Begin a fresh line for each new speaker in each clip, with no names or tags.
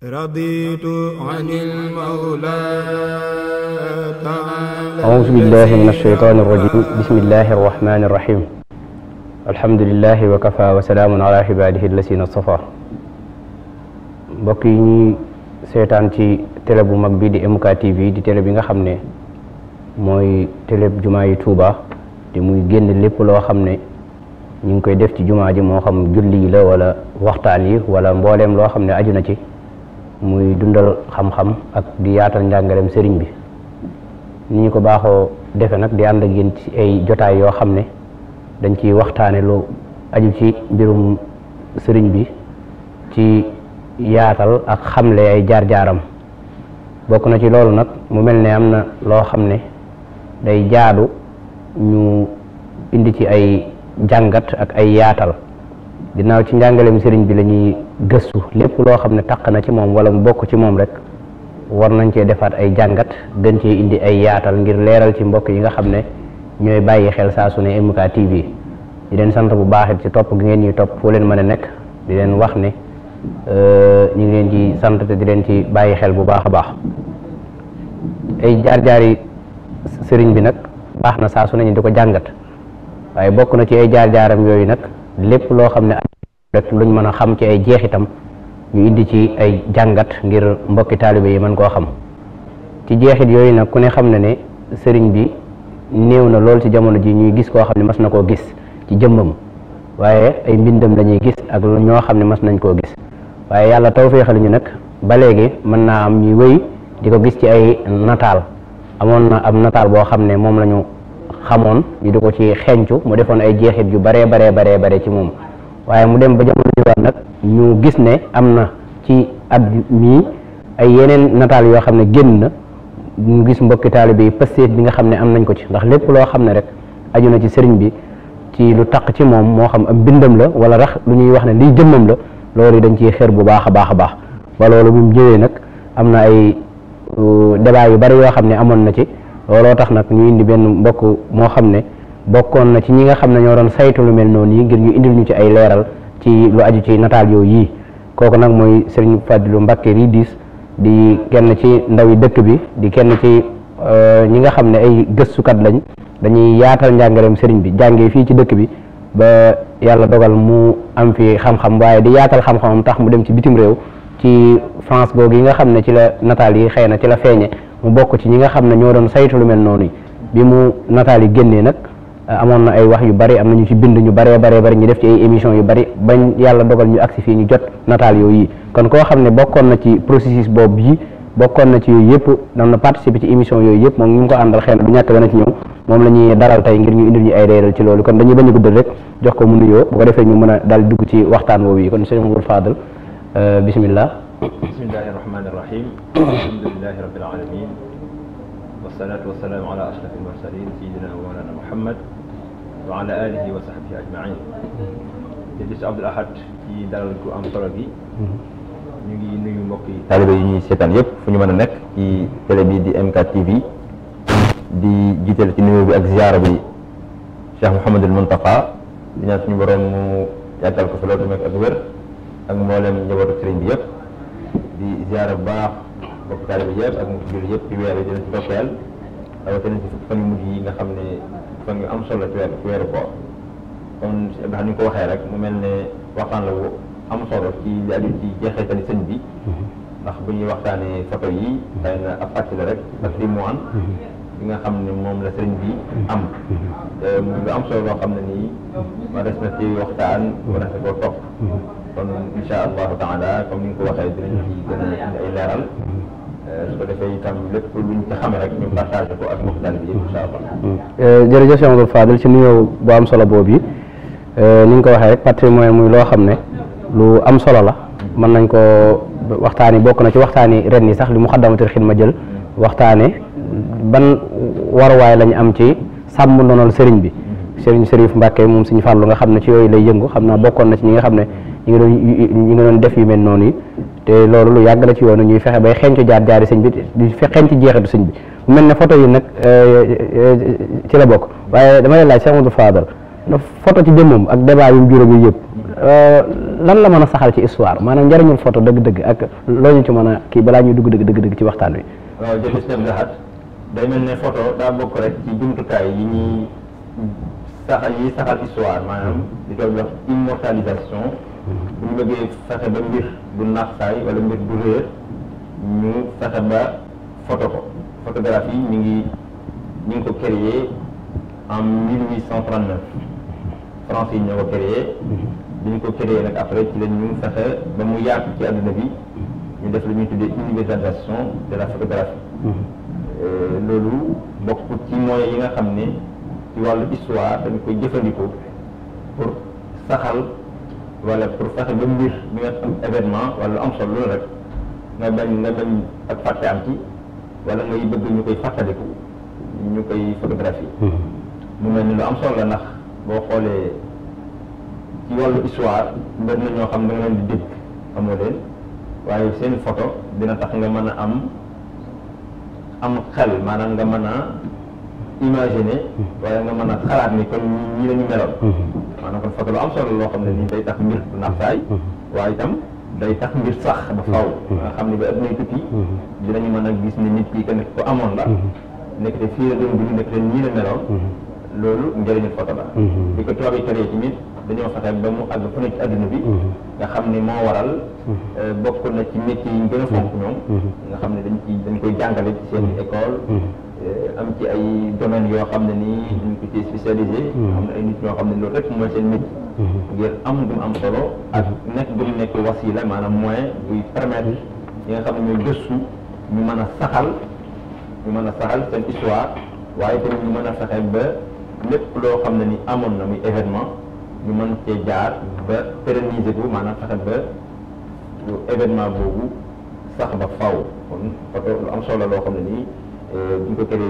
raditu anil mawla ta'ala a'uuzu billahi minash
shaytaanir rajiim bismillahir rahmaanir rahiim alhamdulillahi wa kafaa wa ci télé bu mag bi di MK TV di télé bi nga xam ne mooy télé jumaa yi Tuuba te muy génn lépp loo xam ne ñu ngi koy def ci jumaa ji moo julli la wala waxtaan yi wala mbooleem loo xam ne aju na ci muy dundal xam-xam ak di yaatal njàngaleem sëriñ bi ni ñu ko baaxoo defe nag di ànd ak yéen ci ay jotaay yoo xam ne dañ ciy waxtaane lu aju ci mbirum sëriñ bi ci yaatal ak xamle ay jaar-jaaram bokk na ci loolu nag mu mel ne am na loo xam ne day jaadu ñu indi ci ay jàngat ak ay yaatal ginnaaw ci njàngaleem sëriñ bi lañuy gëstu lépp loo xam ne taq na ci moom wala mu bokk ci moom rek war nañ cee defaat ay jàngat dañ cee indi ay yaatal ngir leeral ci mbokk yi nga xam ne ñooy bàyyi xel saasu su ne MK TV di leen sant bu baax it ci topp gi ngeen ñuy topp foo leen mën a nekk di leen wax ne euh, ñu ngi leen ci sant di leen ci bàyyi xel bu baax a baax ay jaar-jaar sëriñ bi nag baax na saasu su ne ñu di ko jàngat waaye bokk na ci ay jaar-jaaram yooyu nag. lépp loo xam ne rek luñ mën a xam ci ay jeexitam ñu indi ci ay jàngat ngir mbokki taalibe yi mën koo xam ci jeexit yooyu nag ku ne xam na ne sëriñ bi néew na lool ci jamono ji ñuy gis koo xam ne mas na koo gis ci jëmmam waaye ay mbindam la gis ak ñoo xam ne mas nañ koo gis waaye yàlla tawféexal ñu nag ba léegi mën naa am ñuy wéy di ko gis ci ay nataal amoon na ab nataal boo xam ne moom lañu xamoon ñu di ko ci xencu mu defoon ay jeexit yu baree baree baree bare ci moom waaye mu dem ba jamono nag ñu gis ne am na ci at mii ay yeneen nataal yoo xam ne génn na ñu gis mbokki taalibe yi pasteef bi nga xam ne am nañ ko ci ndax lépp loo xam ne rek aju na ci sëriñ bi ci lu taq ci moom moo xam ab bindam la walla rax lu ñuy wax ne liy jëmmam la loolu dañ ci xër bu baax a baax a baax ba loolu bi mu jëwee nag am na ay uh, débat yu bari yoo xam ne amoon na ci looloo tax nag ñu indi benn mbokk moo xam ne bokkoon na ci ñi nga xam ne ñoo doon saytu lu mel noonu yi ngir ñu indil ñu ci ay leeral ci lu aju ci nataal yooyu yii kooku nag mooy Serigne Fadilou Mbacké Ridis di kenn ci ndawi dëkk bi di kenn ci euh, ñi nga xam ne ay gëstukat lañ dañuy yaatal njàngaleem sëriñ bi jàngee fii ci dëkk bi ba yàlla dogal mu am fi xam-xam waaye di yaatal xam-xamam tax mu dem ci bitim réew ci France googu yi nga xam ne ci la nataal yi xëy na ci la feeñe mu bokk ci ñi nga xam ne ñoo doon saytu lu mel noonu bi mu nataal yi génnee nag eh, amoon na ay wax yu bari am na ñu ci bind ñu baree baree bari ñu def ci ay émission yu bari bañ yàlla dogal ñu agsi fii ñu jot nataal yooyu kon koo xam ne bokkoon na ci processus boobu yi bokkoon na ci yooyu yëpp na participer ci émission yooyu yëpp moom ñu ngi ko àndal xëy na du ñàkk dana ci ñëw moom la ñuy daral tey ngir ñu indil ñu ay réeral ci loolu kon dañuy bañ a guddal rek jox ko mu nuyoo bu ñu mën a daal dugg ci waxtaan woowu yi kon sëñ Ngour Fadal eh, bismillah
bismillahi irrahmani irrahim alhamdulilahi rabbil alamin wasalaatu wasalaamu ala ashraf almursalin sayidina wa mawlana muhammad wa ala alihi wa sahbihi ajmain te bis Abdul Ahad ci dalal ku am solo bi ñu ngi nuyu mbokk yi taaliba yi ñuy seetaan yëpp fu ñu mën a nekk ci télé bi di MKTV di jiital ci nuyoo bi ak ziyaara bi Cheikh Mouhamadul Mountakha di ñaan suñu borom mu yàggal ko fi loolu ak wér ak mboolem njabootu sëriñ bi yëpp di ziara bu baax bokk taalibe yëpp ak mbokk jullit yëpp ci weer yi dina ci dokkeel rawatina ci fan yu mujj yi nga xam ne fan yu am solo ci weer ci weeru koor ko waxee rek mu mel ne waxtaan la am solo ci li aju ci jeexitali sëñ bi mm-hmm. ndax bu ñuy waxtaanee safar yi xëy na ab fàttali rek patrimoine li
mm-hmm.
nga xam ne moom la sëriñ bi mm-hmm. am mu lu am solo loo xam ne nii ma des na ci waxtaan war na ko topp kon incha allahu taala comme ni nga ko waxee ci gën a euh, bi
incha
allah. Euh, am solo boobu yi euh, ni nga ko waxee rek patrimoine muy loo xam ne lu am solo la mën nañ ko waxtaani bokk na ci waxtaani ren yi sax li mu xaddamatul ma jël waxtaane ban waruwaay lañu am ci sàmm ndonol sëriñ bi sëriñ Sërif Mbàkke moom suñu fàllu nga xam ne ci yooyu lay yëngu xam naa bokkoon na ci ñi nga xam ne ñu ngi doon ñu ngi doon def yu mel noonu yi te loolu lu yàgg la ci yoonu ñuy fexe bay xenc jaar jaari sëñ bi di xenc jeexitu sëñ bi mu mel ne foto yi nag euh, euh, ci la bokk waaye dama lay laaj Cheikh Amadou Fadal photo ci jëmmam ak débat yu mu juróom yi yëpp euh, lan la mën a saxal ci histoire maanaam njëriñul photo dëgg-dëgg ak loo ñu ci mën a kii balaa ñuy dugg dëgg dëgg dëgg ci waxtaan wi.
waaw jërëjëf Sëñ Lahad day mel ne photo daa bokk rek ci jumtukaay yi ñuy saxal yi bu ñu bëggee fexe ba mbir du naaxsaay wala mbir du réer ñu fexe ba photo ko photographie mi ngi ñu ngi ko créé en 1839 français yi ñoo ko créé mhm. bi ñu ko créé nag après ci la ñu fexe ba mu yaatu ci àdduna bi ñu def la ñuy tuddee universalisation de la photographie mhm. euh, loolu bokk ci moyens yi nga xam ne ci wàllu histoire dañ koy jëfandikoo pour saxal wala pour fexe ba mu gis bi nga am événement wala lu am solo loolu rek nga bañ nga bañ ak fàtte am ci wala ngay bëgg ñu koy fàttaliku ñu koy photographie mm-hmm. mu mel ni lu am solo la ndax boo xoolee ci wàllu histoire mbir na ñoo xam da nga leen di dégg xamoo leen waaye seen foto dina tax nga mën a am am xel maanaam nga mën a imaginer hmm. wala nga mën a xalaat ni kon ñi lañu meloon hmm. maanaam kon foto lu am solo loo xam ne nii day tax mbir nax saay hmm. waaye itam day tax mbir sax ba faw nga xam ne ba ëpp nay tukki dinañu mën gis ne nit kii que nekk ko amoon la nekk te fii la doon dund nekk te ñii la loolu njëriñu foto la bi ko tubaab yi teree ci nit dañoo ne ci adduna bi nga xam ni moo waral euh, bokk na ci métier yi ñu nga xam ne dañ dañ koy jàngale ci seen école am ci ay domaines yoo xam ne nii ñu ko ci spécialisé. Hmm. am na ay yoo xam ne loolu rek mooy seen métier. Hmm. ngir am gum am solo. ak nekk gum nekk wasila maanaam mooy buy permettre ñi nga xam ne ñooy gëstu ñu mën a saxal ñu mën a saxal seen histoire waaye tamit ñu mën a fexe ba lépp loo xam ne ni amoon na muy événement ñu mën cee jaar ba pérenniser ko maanaam fexe ba événement boobu sax ba faaw kon lu am solo loo xam ne nii. Euh, bi ñu ko tegee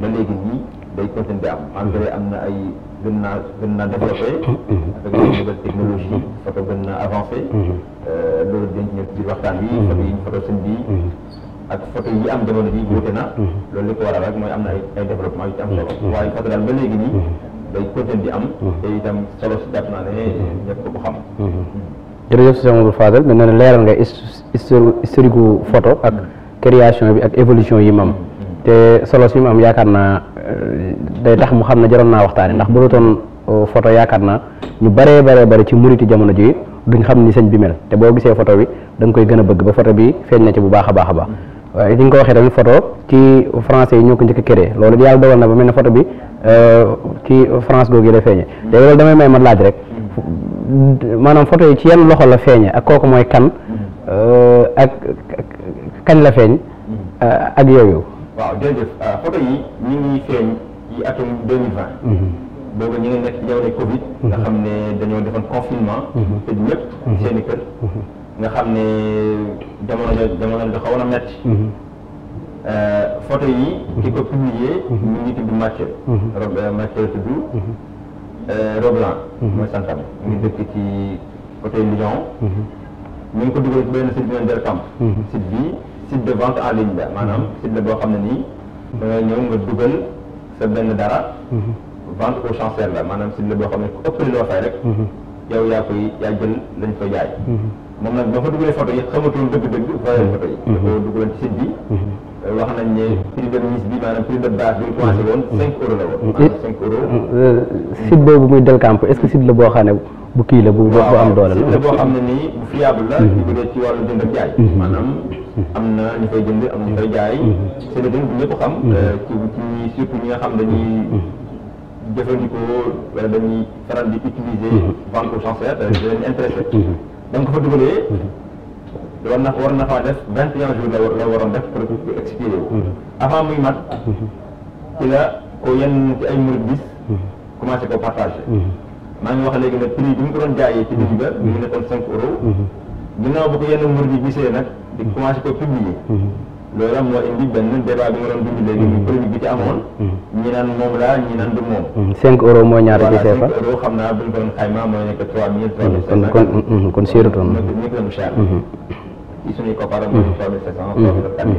ba léegi nii day continuer di am engrais am na ay gën naa gën naa développé mm-hmm. avec les nouvelles technologies mm-hmm. photo gën naa avancé mm-hmm. euh, loolu dañ ñëw ci waxtaan bi photo yi ñu am jamono ji wute na loolu li ko waral rek mooy am na ay ay développement yu ci am solo waaye ba léegi nii day continuer am te itam solo si jàpp naa ne ñëpp ko xam
jërëjëf Cheikh Amadou Fadel mel na leeral nga historique photo ak création bi ak évolution yi mu am te solo si mu am yaakaar naa euh, day tax mu xam ne jaroon naa waxtaane ndax bu doon euh, photo yaakaar naa ñu bëree baree bëri ci muriti jamono ji duñ xam ni sëñ bi mel te boo gisee photo bi da nga koy gën a bëgg ba photo bi feeñ na ci bu baax a baax a baax waaye li nga ko waxee tamit photo ci français yi ñoo ko njëkk a créé loolu yàlla dogal na ba mel ne photo bi euh, ci France googu la feeñee damay may ma laaj rek maanaam photo yi ci la feeñee ak kooku mooy kan kañ la feeñ
mm-hmm.
euh, ak yooyu
waaw jërëjëf euh, photo yi ñu ngi feeñ ci atum 2020 mm-hmm. boobu ñu ngi nekk ci jamono covid mm-hmm. nga xam ne dañoo defoon confinement tëj ñëpp seen i nga xam ne jamono jamono da xawoon a metti euh, photo yi ki ko publier ñu ngi tudd Mathieu Rob Mathieu tudd Roblan mooy santam ñu ngi dëkk ci côté Lyon ñu ngi ko dugal ci benn site bi del camp site bi site de vente en ligne la maanaam mhm. site la boo xam ne nii da ngay ñëw dugal sa benn dara mhm. vente au chancel la maanaam site la boo xam ne ku ëppale loo fay rek mhm. yow yaa koy yaa jël lañ koy jaay moom nag ba fa dugalee photo yi xamatoon dëgg-dëgg valeur photo yi da ko dugaloon ci bi wax nañ ne prix de mise bi maanaam prix de base bi commencé woon mm-hmm. cinq euros la woon mm-hmm. maanaam cinq euros
mm-hmm. site boobu muy Delcamp est-ce que site la boo xam ne bu kii la bu bu am doole la boo xam
ne ni bu fiable la di bu dee ci wàllu jënd ak am na ñu koy jënd am na jaay seen dënk bu ñëpp xam euh, ci ci surtout ñi nga xam dañuy jëfandikoo wala dañuy faral di utiliser banque transfert euh, da leen fa dugalee war na war na faa des vingt et un jours la waroon def processus bi expiré wu mhm. avant muy mat mhm. ci la ko yenn ci ay murid bis mhm. commencé ko partagé maa ngi wax léegi ne prix bi mu ko doon jaayee ci digg ba mu nekkoon cinq euros ginnaaw bu ko yenn murid yi gisee nag di commencé ko publier loolu am moo indi benn débat bi nga doon dund léegi ñu produit bi ci amoon ñi naan moom laa ñi naan du moom cinq euros mooy ñaata gisee fa euros xam naa buñ ko doon xayma mooy nekk trois mille trois mille kon kon kon séerutoon nekk na mu cher ci suñuy koppaaram mooy trois mille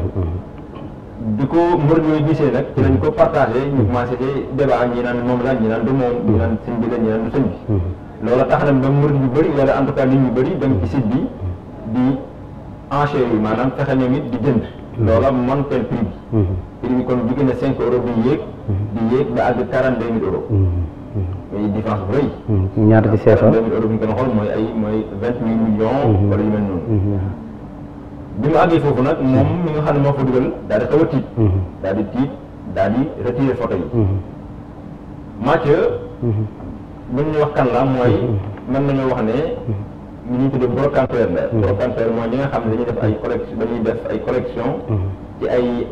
bi ko murid yooyu gisee nag ci lañ ko mmh. partagé ñu mmh. commencé ci débat ñi naan moom laa ñi naan du moom ñi naan sëñ bi la ñi naan du sëñ bi mmh. loola tax na ba murid ñu bëri wala en tout cas nit ñu bëri dem ci site bi di enchère yi maanaam fexe ñoom it di jënd loola montel prix bi di bi kon jóge cinq euros di yéeg di yéeg ba àgg quarante deux mille euros muy différence rëy ñaata ci CFA quarante deux mille bi ñu ko xool mooy ay mooy vingt mille millions di mu àggee foofu nag moom mi nga xam ne moo fa dugal daal di xaw a tiit mhm. daal di tiit daal di retiré photo yi
mhm. Mhm.
wax kan la mooy mën nañoo wax ne ñu ñuy tuddee brocanteur la brocanteur mooy nga xam ne dañuy def ay collection dañuy def ay collection ci ay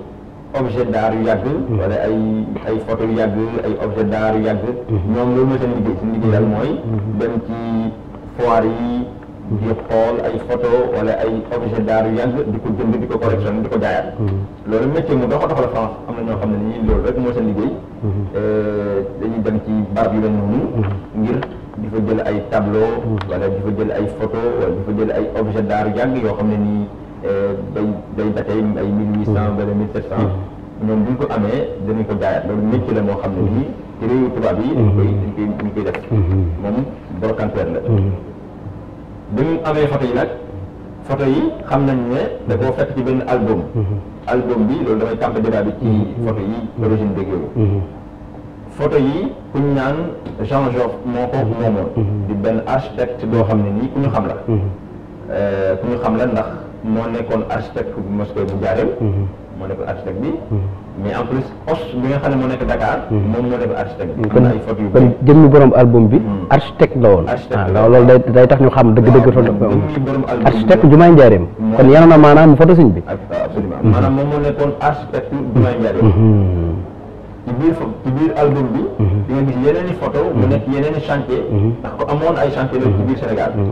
objet daar yu yàgg wala ay ay yu yàgg ay objet d'art yu yàgg ñoom loolu mooy seen liggéey seen liggéey daal mooy dem ci foire yi di xool ay photo wala ay objet d'art yu yàgg di ko jënd di ko collectionné di ko jaayaat. Mm-hmm. loolu métier mu dox a dox la France am na ñoo xam ne nii loolu rek moo sa liggéey. Mm-hmm. Euh, dañuy dem ci barab yu mel noonu. Mm-hmm. ngir di fa jël ay tableau. wala di fa jël ay photo wala di fa jël ay objet d'art yu yàgg yoo xam ne nii day euh, day ba tey ay mille huit cent wala mille sept cent. ñoom bu ko amee danañ ko jaayaat loolu métier la moo xam ne nii ci réewu tubaab yi. dañ koy dañ koy def. moom brocanteur la. bi mu amee photo yi nag photo yi xam nañ ne da koo fekk ci benn album mhm. album bi loolu damay campé débat bi ci mhm. photo yi mhm. origine dëgg yooyu photo yi ku ñu naan Jean Job moo ko moomoon di benn architecte boo xam ne nii ku ñu xam la euh, ku ñu xam la ndax moo nekkoon architecte bu mosquée bu Njaaréem moo nekk architecte bi. mais en plus os bi ne moo nekk bi. am na ay photos yu bëri kon jëmmi
borom album bi. Hmm. architecte la woon. architecte ah, day tax ñu xam dëgg-dëgg. waaw moom jëmmi borom album hmm. kon yal na maanaam
photo sëñ bi. Ah, absolument hmm. bi. i photo mu nekk yeneen i chantier. ndax ko amoon ay chantier la ci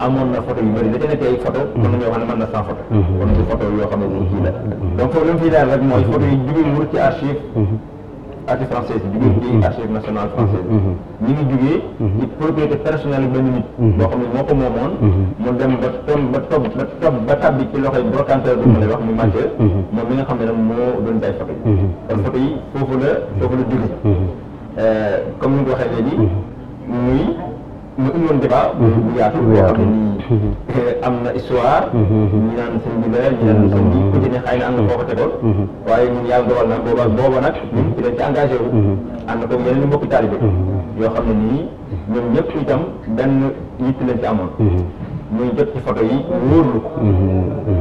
amoon na photo yu bëri da ca nekk ay photo mm-hmm. mën nañoo xam na sans photo mm-hmm. kon du photo yoo
xam ne ñu kii la mm-hmm.
donc foofu li mu jugee ci archive archive française jugee nit ba tom ba tob ba tob ba tabbi ci loxoy brocanteur ma lay wax mu màcce moom nga xam ne nag moo doon tay photo yi kon photo yi foofu la foofu la jugee euh, comme ni waxee léegi muy ñu indi woon débat. bu yaatu boo xam ne nii. Mhm. Eh, am na histoire. Mhm, mhm. ñu naan sëñ bi leneen ñu naan sëñ bi ku ci ne xëy na am na foo ko tegoon. waaye ñun yàlla dogal na booba booba nag ñun ci dañ ci engagé wu. ànd ko yeneen mbokki taalibe yoo xam ne nii ñoom ñëpp itam benn yitte lañ ci amoon. muy jot ci photo yi wóorlu ko.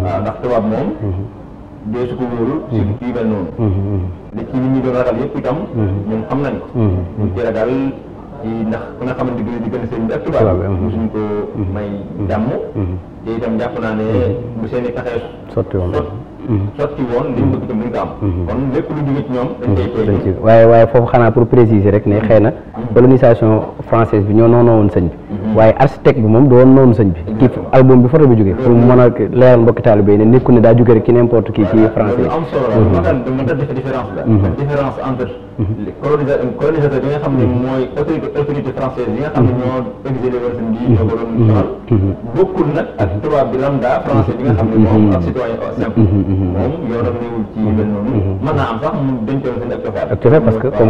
waaw ah, ndax tubaab moom. doo su ko wóorul. surtout kii mel noonu. li ci nit ñi doon ragal yëpp itam. ñun xam nañ ko. ñu ci ragal. ndax ku nga xamante ne diggante seen bi mhm. mhm. Mhm. naa ne bu seen i pexe am kon lépp lu jóge ci ñoom waaye
waaye foofu xanaa pour préciser rek ne xëy na colonisation française bi ñoo noonu woon sañ bi Mhm. waaye architecte bi moom doon noonu sëñ bi kii mhm. album bi photo bi jógee pour mën a mhm. leeral mbokki taalibe yi ne nit daa jóge rek ci n'importe kii ci bi nga xam
ne mooy autorité française yi nga xam ne ñoo exilé woon sëñ bi ñoo ko bi lambda français bi nga xam ne moom ak citoyen simple moom yoo dam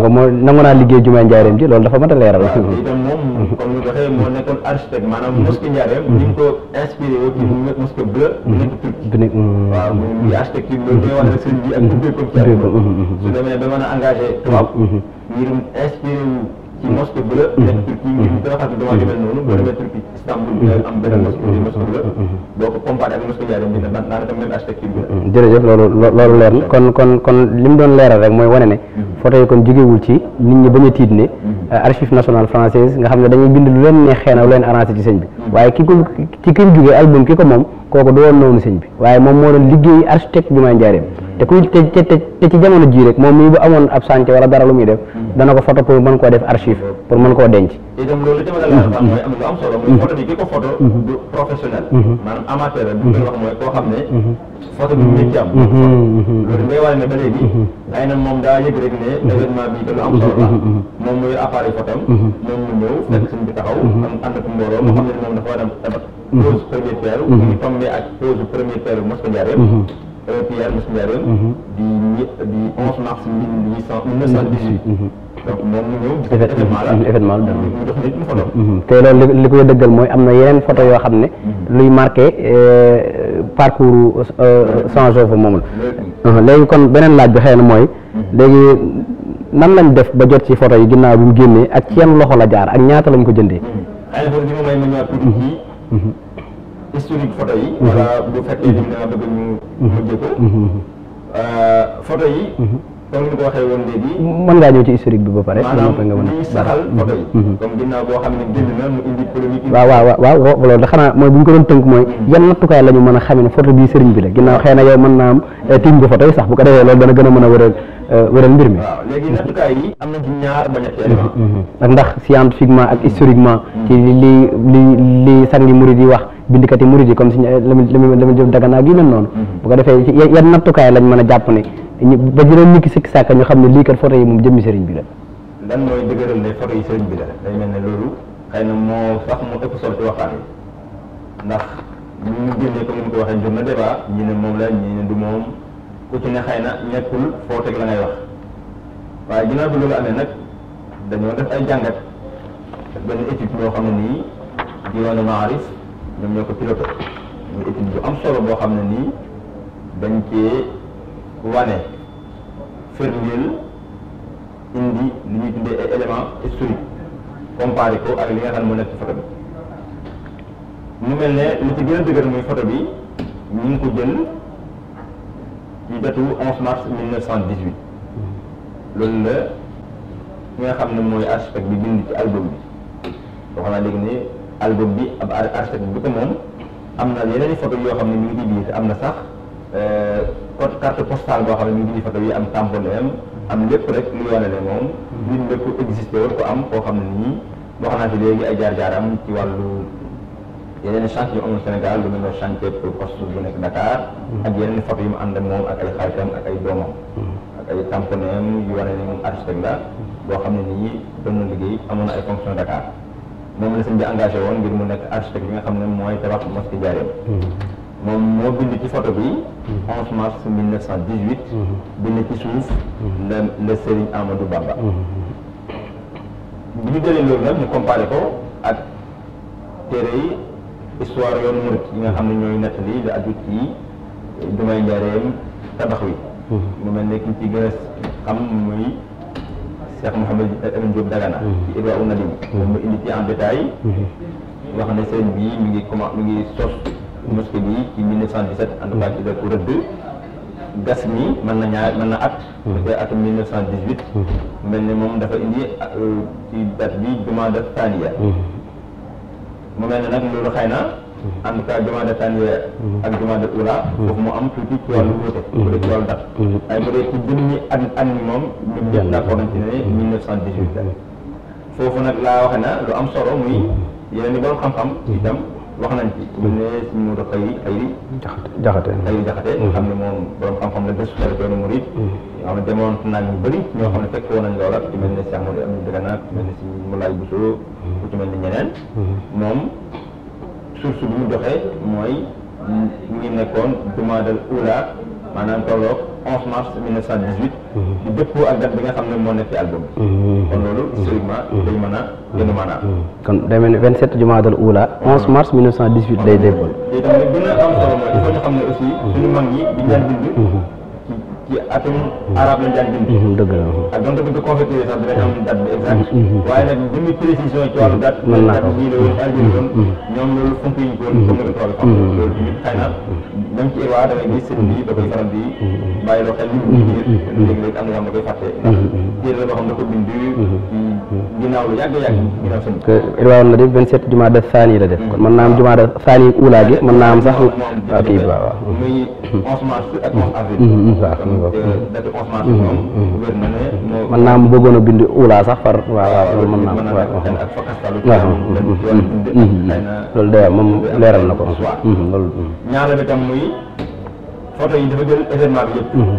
newul nangu naa liggéey jumaa njaareem ji loolu dafa mën a leeral itam moom
comme ni ko moo nekkoon architecte maanaam mosquée Ndiarème ni mu ko inspiré woo ci mosquée bleu bu nekk
turki mm, mm, waaw muy architecture loolu day wane rek sëñ bi ak mm, tuddee comme ça su demee
ba mën a engagé tubaab mm-hmm. ngir inspiré wu ci mosquée mhm. bu la nekk Turquie ngir gën a xam jërëjëf loolu
loolu leer na kon kon kon li mu doon leeral rek mooy wane ne mhm. photo yi kon jógewul ci nit ñi bañ tiit ne mhm. euh, archive nationale française nga xam ne dañuy bind lu leen neexee na lu leen arrangé ci sëñ bi waaye ki ko ci ki mu jógee album ki ko moom kooku du woon noonu sëñ bi waaye moom moo doon liggéey architecte jumaa Njaaréem te ku te te ci jamono jii rek moom mii bu amoon ab santé wala dara lu muy def mm-hmm. dana ko photo pour mën koo def archive mm-hmm. pour mën koo denc
itam loolu dama la wax mooy am lu am solo mooy mm-hmm. photo bi ki ko photo du professionnel maanaam amateur la du wax mooy koo xam ne photo bi mu ci am loolu ngay wane ne ba léegi ay na moom daa yëg rek ne événement bi te lu am solo la moom muy appareil photo am moom mu ñëw fekk suñ bi taxaw am ànd ak mbooloo moo xam ne moom dafa war a dem tabat pose première pierre mu ngi tombé ak pose première pierre bu mosquée Ndiarème Pierre Moussa mhm. di ñi di 11 mars 1918.
Mhm. donc moom mu ñëw. événement la mhm. te loolu li koy dëggal mooy am na yeneen photo yoo xam ne. luy marqué euh, parcours sans œuvre moom la. léegi kon beneen laaj bi xëy na mooy. léegi nan lañ def ba jot ci photo yi ginnaaw bi mu génnee ak ci yan loxo la jaar ak ñaata lañ ko jëndee.
historique photo yi. Mhm. wala bu da nga bëgg ñu. Mhm. mujj ko. Mhm. Euh, photo yi. comme ni ko waxee woon léegi. mën ngaa ñëw ci historique bi ba pare. maanaam liy saxal photo yi. comme na mu indi polémique. waaw waaw
waaw loolu da xanaa mooy bu ñu ko doon tënk mooy yan nattukaay la ñu mën a xamee ne photo bii sëriñ bi la ginnaaw xëy na yow man naa am eh, tiim nga photo yi sax bu ko defee loolu dana gën a mën a wëral eh, wëral mbir mi. waaw
léegi nattukaay
yi am na ci ñaar ba
ñetti ak historiquement. ci li li li sangi murid yi wax. bindikati murid yi comme si Lamine Jóob Dagana ak yu mel noonu mm-hmm. bu ko defee yan nattukaay lañ mën a jàpp ne ba jëloon nit sàkk ñu xam ne lii kat photo yi bi
la lan mooy dëgëral ne bi la day mel ne loolu xëy moo sax mu ëpp solo ci waxtaan yi ndax ñu génnee comme ni ko ne moom la ñi du moom ku ci ne xëy na nekkul foo teg la ngay wax waaye ginnaaw bi loolu amee nag dañoo def ay jàngat def benn étude yoo xam ne nii diwaanu maaris ñoom ñoo ko piloté muy étude bu am solo boo xam ne nii dañ cee wane firndeel indi li ñuy tuddee ay éléments historiques comparé ko ak li nga xam ne moo nekk ci photo bi mu mel ne li ci gën a dëgër muy photo bi ñu ngi ko jël ci datu mars loolu la nga xam ne mooy architecte bi bind ci album bi boo xam naa léegi ne album bi ab architecte bi ko moom am na yeneen i photo yoo xam ne mi ngi biir am na sax euh, code carte postale boo xam ne mi ngi ci photo yi am tamponné am lépp rek lu wane ne moom nit ñëpp ko am koo xam ne nii wax ay jaar ci wàllu yeneen chantier yu amul Sénégal lu mel nekk Dakar ak yeneen photo yu mu ànd ak moom ak ay xaritam ak ay doomam ak xam ne nii doon na liggéey amoon na ay fonction Dakar moom la sëñ bi engagé woon ngir mu nekk architecte bi nga xam ne mooy tabax mosquée Ndiarème mm-hmm. moom moo bind ci photo bi 11 mm-hmm. mars 1918 mm-hmm. bind ci suuf la la Serigne Amadou Bamba
bi
ñu jëlee loolu nag ñu comparé ko ak téere yi histoire yoonu murit yi nga xam ne ñooy nettali lu aju ci jumaay Ndiarème tabax wi mu mel ne ki ci gën a xam muy Cheikh Mouhamed Amin Diop Dagana hmm. ci Irwa Unadim moom mu indi ci en détail hmm. wax ne sëriñ bi mi ngi comment mi ngi sos mosquée bi ci 1917 en tout cas ci dëkku rëdd gas mi mën na ñaar mën na at te atum 1918 mel ne moom dafa indi euh, ci date bi jumaa def taaniya hmm. mu mel ne nag loolu xëy na en tout cas jumaa de Tanweer ak jumaa de Ula foofu mu am tuuti ci wàllu wuute mm-hmm. mm-hmm. Mm-hmm. bu dee ci wàllu dat waaye ci junni ñu jël d'accord nañ ci la foofu na lu am solo muy yeneen i borom xam itam wax nañ ci ñu ne suñu moto xëy xëy jaxate xëy jaxate xam xam-xam la gëstu la yoonu murid yoo xam ne demoon ñu bëri ñoo xam nañ loola ci mel ne Cheikh Modou Amine ni ñeneen moom source bu mu doxee mooy mu ngi nekkoon demande ula maanaam tolloog 11 mars 1918. Mhm. di dëppoo ak date bi nga xam ne moo nekk ci album bi. Mhm. kon loolu mhm. seulement day mën a gën a maanaam.
kon day mel ni 27 jumaadal ula 11 mars 1918 day déppoon.
te itam li gën a am solo mooy il faut ñu xam ne aussi mag ñi di ñaan bind.
ci atum arabe lañ daan bind. dëgg la ak donte bu ñu ko confectionné sax dinañ am date bi exact. Mhm, mhm, mhm. waaye nag bu ñu précision ci wàllu date. mën naa ko date bii la woon algérie woon. ñoom loolu fomp yi ñu ko woon. fomp nga ko toll. loolu tamit xëy na. même ci waa damay gis sëñ bi da di mm-hmm. bàyyi loo xel nit mm-hmm. mm-hmm. la boo xam ne ko bi irwaa na
def vingt-sept jumaa de saani la def kon mën am jumaa de saani ulaa gi mën naa am sax waaw kii waaw waaw muy a bind ulaa sax far waaw waaw loolu mën naa
am na ko
loolu
yi yi dafa jël événement bi yëpp. Mhm.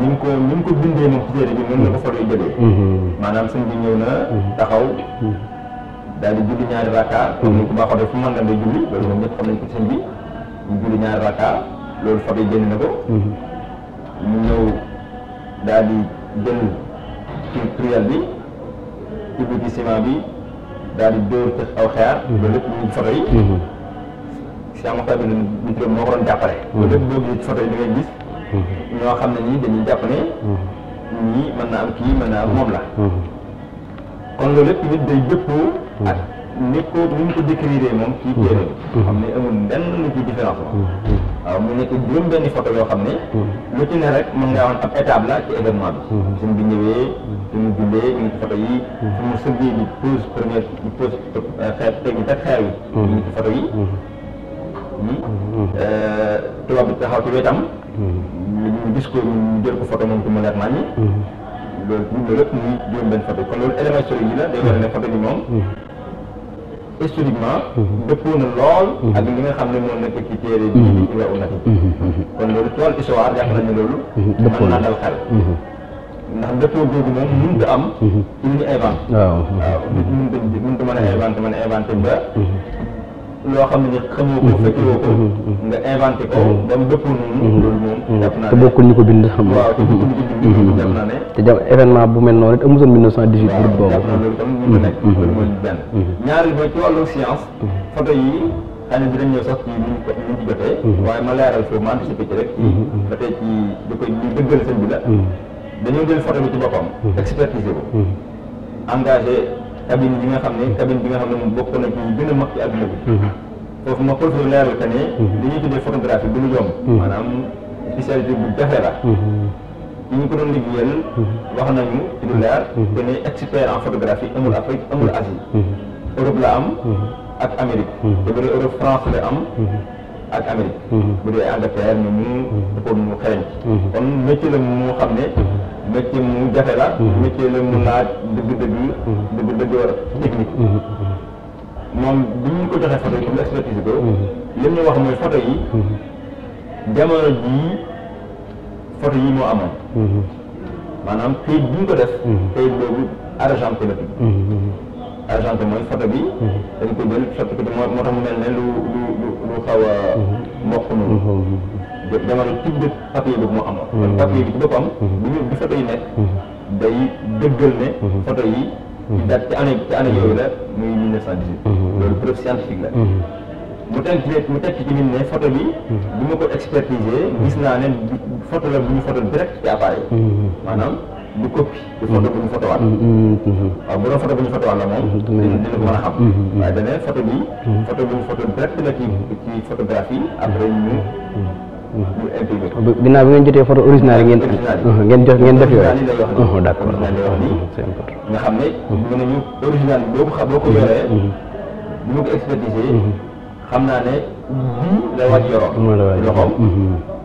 ni mu ko ni mu ko bindee moom ci téere bi noonu la ko photo yi jëlee. Mhm. maanaam sëñ bi ñëw na. Mhm. taxaw. daal di julli ñaari rakka. comme ni ko baaxoo def fu màngal day julli loolu moom ñëpp xam nañ ko sëñ bi ñu julli ñaari rakka loolu photo yi génn na ko. ñu ñëw daal di jël kii prière bi ubbi ci ciment bi daal di dóor aw xeer. loolu lépp ñu ngi photo yi. Cheikh Mokhtar bi Diop moo ko doon jàppale. lépp boo gis photo yi da gis. Mm-hmm. ñoo xam ne nii dañuy jàpp ne. Mm-hmm. ñii mën na am kii mën na am moom la. Mm-hmm. kon loolu lépp day dëppoo. ak ni ko ni ñu ko décrire moom. ci téere bi. xam ne amul benn lu ci différence waaw mu nekk juróom benni photo yoo xam ne. lu ci ne rek mën ngaa woon ab étape la ci événement bi. suñ bi ñëwee suñu jullee ñu ngi yi. suñu sëggee di pose première di pose euh, xeer technique tubaab bi taxaw ci wetam. ñu gis ko ñu jël ko photo moom ko mu leer nañu. loolu loolu lépp muy juróom benn photo kon loolu élément historique yi la day war a ne photo bi moom. historiquement dëppoo na ak li nga xam ne moo nekk ci téere bi ci wewu nag kon loolu tool histoire jàpp nañ ne loolu mën naa dal xel ndax dëppoo googu moom mënut a am ci ñu invente waaw waaw nit mënut a loo xam ne xamoo ko fekkoo ko mm-hmm. Mm-hmm. nga ko mm-hmm. mu dëppoo noonu loolu te
bokkul ñu ko bind xam nga waaw te bokkul ñu ko bind def te jam événement bu mel noonu it amusoon mille neuf cent dix-huit boobu boobu def naa loolu tam ñu ko
ñaari ba ci wàllu science photo yi xëy na dinañ ñëw sax ci ni ñu waaye ma leeral foofu ma anticipé ci rek ba tey ci da koy ñu dëggal sëñ cabine bi nga xam ne cabine bi nga xam ne moom bokk na ci gën a mag ci adduna mhm. foofu ma profité leeral que ne mhm. li ñuy tuddee photographie du lu yomb mhm. maanaam spécialité bu jafe la ñi ñu ko doon liggéeyal wax nañu ci lu leer que ne expert en photographie amul Afrique amul Asie Europe la am ak Amérique te bëri Europe France la am ak Amérique. Mhm. bu dee Angleterre ñoom ñu. defoon mu xereñ. kon métier la mu xam ne. Mhm. métier mu jafe la. Mhm. métier la mu laaj dëgg-dëgg. dëgg-dëgg technique. moom bi ñu ko joxee photo yi comme expertise ko. li ñu wax mooy photo yi. jamono jii photo yi moo amoon. maanaam këyit bi ñu ko def. këyit boobu argenté la tudd. argenté mooy photo bi. dañ ko jël sotti ko moo tax mu mel ne lu lu. bu xaw a mhm. mokk noonu mhm. jamono ci bët papier boobu moo am mhm. papier bi ci boppam bu ñu bi photo yi nekk day dëggal ne photo yi ci date ci année ci année yooyu la muy mille neuf cent dix loolu preuve scientifique mu teg mu teg ci tamit ne photo bi bu ma ko expertiser gis naa ne photo la bu ñu photo direct ci appareil maanaam du copie du photo bu ñu fotowaat mm,
mm, mm,
waaw bu doon photo bu ñu fotowaat la moom dina ko mën a xam waaye beneen photo bi photo bu ñu photo direct la ci ci photographie après ñu ñu intégré
ginnaaw bi ngeen jotee photo original ngeen ngeen jox ngeen def yooyu d'accord
c'est important nga xam ne mën nañu original boo ko xam boo ko yoree bu ñu ko expertisé xam naa ne bii la waaj yoroon loxoom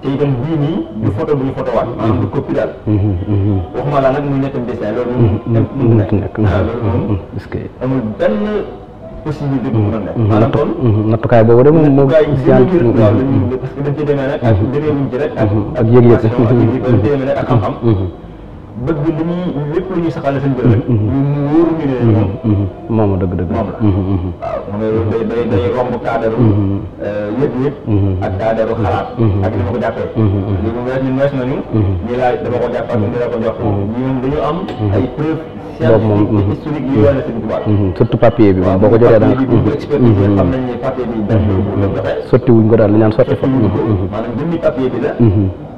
te itam bii nii du photo bu ñu photo waat maanaam du copie daal mm-hmm, mm-hmm. waxuma laa nag muy nettam dessin loolu moom mun mm-hmm, nekk nekk loolu moom amul benn possibilité bu mën a nekk maanaam kon nattukaay boobu de moom moom parce que dañ ci demee nag ak demee wuñ ci rek ak yëg-yëg ak xam-xam bëgg li ñuy lépp lu ñuy saxal seen bëri rek. ñu wóor ñu ne mm-hmm.
Mm-hmm. moom. moom dëgg la mm-hmm. waaw mu ngi day day day romb cadre. Euh, yëpp yëpp. ak cadre la ko jox.
ñun dañu am ay preuve. boobu moom historique yi wane sëñ Tuubaa
surtout boo ko jotee daal xam nañ ne papier bi sotti wuñ ko daal li ñaan sotti fa maanaam jëmmi
papier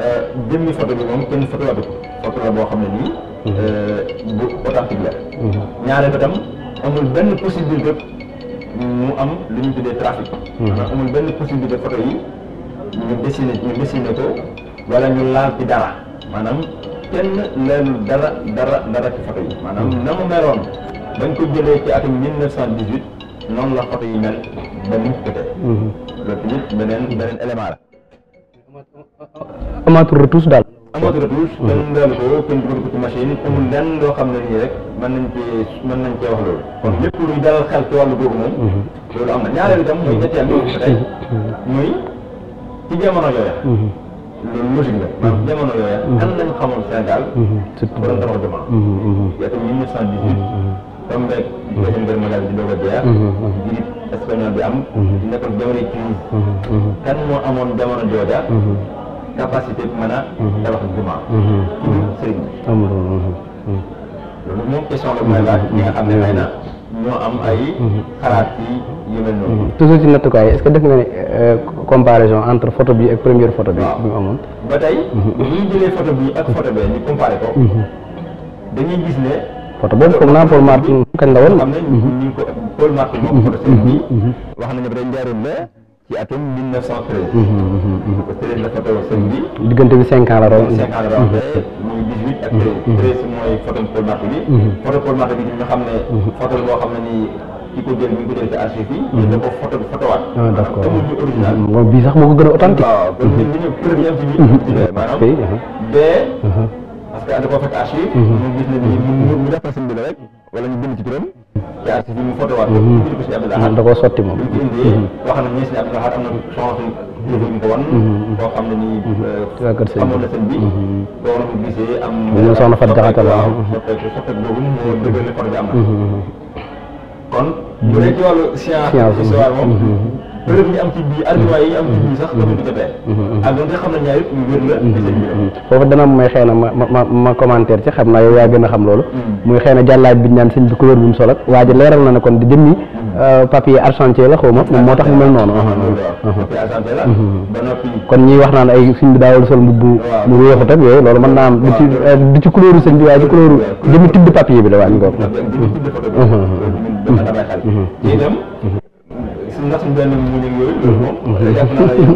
Euh, jëmmi photo bi moom kenn photo la bu photo boo xam ne nii. Mhm. Euh, bu authentique la. Mhm. ñaareel ko tam amul benn possibilité mu am lu ñu tuddee trafic. Mhm. maanaam amul benn possibilité photo yi ñu dessiné ñu dessiné ko wala ñu laal ci dara maanaam kenn leelu dara dara dara ci photo yi. maanaam na mu meloon bañ ko jëlee ci atum 1918 noonu la photo yi mel ba mu jotee. loolu tamit beneen beneen élément la.
amaatul retouche daal.
amaatul retouche. kenn daal ko kenn dugal ko ci machine amul lenn loo xam ne nii rek mën nañ cee mën nañ cee wax loolu. lépp luy dalal xel ci wàllu googu moom. loolu am na ñaareel itam mooy ñetteel bi tey mhm. mhm. muy ci jamono yooya. Mhm. loolu logique la. jamono yooya. kan lañ xamoon Sénégal. surtout borom dama tombe bi nga seen benn magasin bi doog a jeex mm-hmm, mm-hmm. jirib espagnol bi mm-hmm. crise kan moo amoon jamono jooja capacité bi mën a tabax jumaa ci sëriñ moom question la mooy laaj ñi nga xam ne na ñoo am ay xalaat yi mel noonu toujours ci
nattukaay est-ce que def nga ne euh, comparaison entre photo bi ak première photo bi bi mu amoon ba tey bu ñu
jëlee photo bi ak photo bee ñu comparé ko dañuy gis ne
oto boobu comme naa Paul Martin
kañ la woon. xam nañ ñu ngi ko Paul Martin moom projet bi. Mm-hmm. Mm-hmm. Mm-hmm. wax nañu dañ jaaroon la ci atum bi. diggante bi cinq ans la doon. cinq ans la doon muy dix huit ak treize mooy photo Paul Martin bi. photo Paul Martin bi nga xam ne. Ah, a parce que da koo fekk archi ñu gis ne ni mu def na sëñ bi la rek wala ñu bind ci turam te archi bi mu foto waat bind ko si Abdou Lahad da koo sotti moom ñu indi mhm. wax na ñii si Abdou Lahad am na chance ñu ko wan mhm. koo xam ne nii mhm. euh, amoon na sëñ bi boo ko gisee am ñu soxna Fat Jaxate la soppeeku boobu moo dëggal ne foto bi am na kon bu dee ci wàllu science histoire moom bërëb yi am mm-hmm, mm-hmm. Ah, mm-hmm,
foofu dana may xëy na ma ma ma commentaire ci xam naa yow yaa gën a xam loolu. Mm. muy xëy na jàllaaj bi ñaan sëñ bi couleur bu mu sol waa ji leeral na ne kon di jëmmi mm. euh, papier argenté la xaw ma moom moo tax mu mel noonu. Uh-huh. Uh-huh. kon ñuy wax naan ay sëñ bi daawul sol mbubb mu weexut ak yooyu loolu mën naa am du ci euh, du ci couleur sëñ bi waaye ci couleur jëmmi tibb papier bi la waa ñu
ndax benn mu ñu yooyu mhm. loolu moom mhm. jàpp naa di mhm.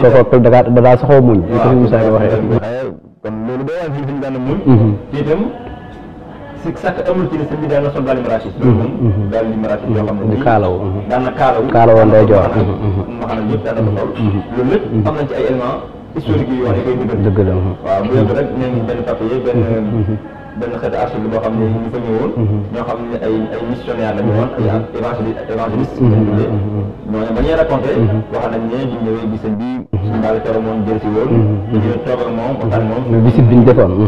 ko ko da daa saxoo muñ li ko fi Moussa ko waxee
kon loolu day wàññi fi ñu daan muñ te itam si sàkk amul ci sëñ bi daan na sol di marachis di marachis yoo benn xeetu archive boo xam ne mhm. ñoo xam ne ay ay la mhm. mhm. ñu woon bi. suñu daal di toog gis nga loolu